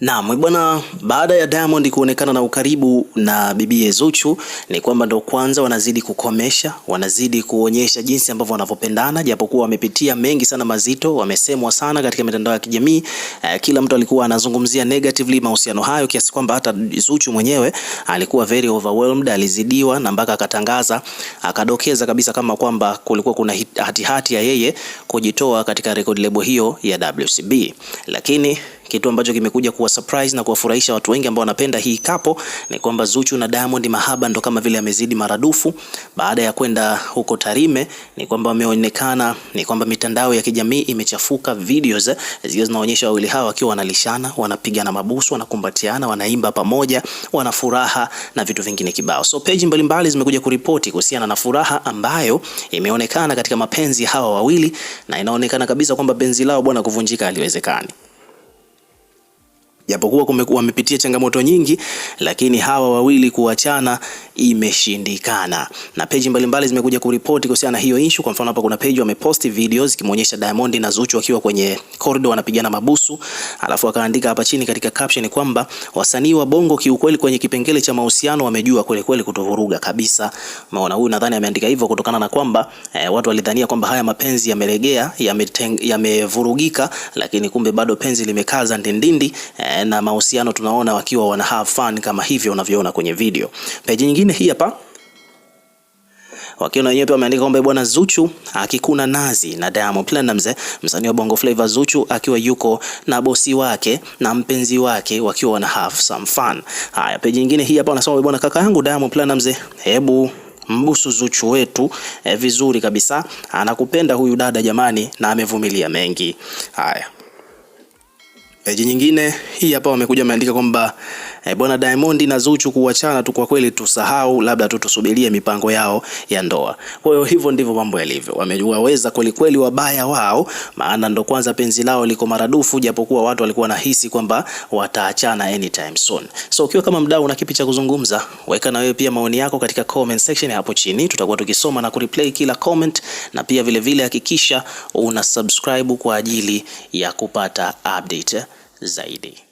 Naam, eh, bwana, baada ya Diamond kuonekana na ukaribu na bibiye Zuchu ni kwamba ndo kwanza wanazidi kukomesha, wanazidi kuonyesha jinsi ambavyo wanavyopendana, japokuwa wamepitia mengi sana mazito, wamesemwa sana katika mitandao ya kijamii eh, kila mtu alikuwa anazungumzia negatively mahusiano hayo, kiasi kwamba hata Zuchu mwenyewe alikuwa very overwhelmed, alizidiwa na mpaka akatangaza akadokeza kabisa kama kwamba kulikuwa kuna hatihati hati ya yeye kujitoa katika record label hiyo ya WCB lakini kitu ambacho kimekuja kuwa surprise na kuwafurahisha watu wengi ambao wanapenda hii kapo ni kwamba Zuchu na Diamond mahaba ndo kama vile amezidi maradufu baada ya kwenda huko Tarime. Ni kwamba wameonekana, ni kwamba mitandao ya kijamii imechafuka, videos zikiwa zinaonyesha wawili hawa wakiwa wanalishana, wanapigana mabusu, wanakumbatiana, wanaimba pamoja, wana furaha na vitu vingine kibao. So page mbalimbali zimekuja kuripoti kuhusiana na furaha ambayo imeonekana katika mapenzi hawa wawili, na inaonekana kabisa kwamba penzi lao bwana kuvunjika haliwezekani japokuwa wamepitia changamoto nyingi, lakini hawa wawili kuachana imeshindikana, na peji mbalimbali zimekuja kuripoti kuhusiana na hiyo issue. Kwa mfano, hapa kuna peji wameposti video zikimuonyesha Diamond na Zuchu wakiwa kwenye korido wanapigana mabusu, alafu akaandika hapa chini katika caption kwamba wasanii wa Bongo kiukweli kwenye kipengele cha mahusiano wamejua kweli kweli kutovuruga kabisa. Maana huyu nadhani ameandika hivyo kutokana na kwamba eh, watu walidhania kwamba haya mapenzi yamelegea, yamevurugika, lakini kumbe bado penzi limekaza ndindindi eh, na mahusiano tunaona wakiwa wana have fun kama hivyo unavyoona kwenye video. Peji nyingine hii hapa wakiwa na wenyewe pia wameandika kwamba bwana Zuchu akikuna nazi na Diamond Platnumz, msanii wa Bongo Flava Zuchu akiwa yuko na bosi wake na mpenzi wake wakiwa wana have some fun. Haya, peji nyingine hii hapa wanasema bwana kaka yangu Diamond Platnumz, hebu mbusu Zuchu wetu eh, vizuri kabisa, anakupenda huyu dada jamani, na amevumilia mengi. Haya. Peji eh, nyingine hii hapa wamekuja wameandika kwamba e, bwana Diamond na Zuchu kuachana tu, kwa kweli tusahau, labda tu tusubirie mipango yao ya ndoa. Kwa hiyo hivyo ndivyo mambo yalivyo, wamejuaweza kweli kweli wabaya wao, maana ndo kwanza penzi lao liko maradufu, japokuwa watu walikuwa nahisi kwamba wataachana anytime soon. So ukiwa kama mdau una kipi cha kuzungumza, weka na wewe pia maoni yako katika comment section hapo chini, tutakuwa tukisoma na kureplay kila comment, na pia vile vile hakikisha una subscribe kwa ajili ya kupata update zaidi.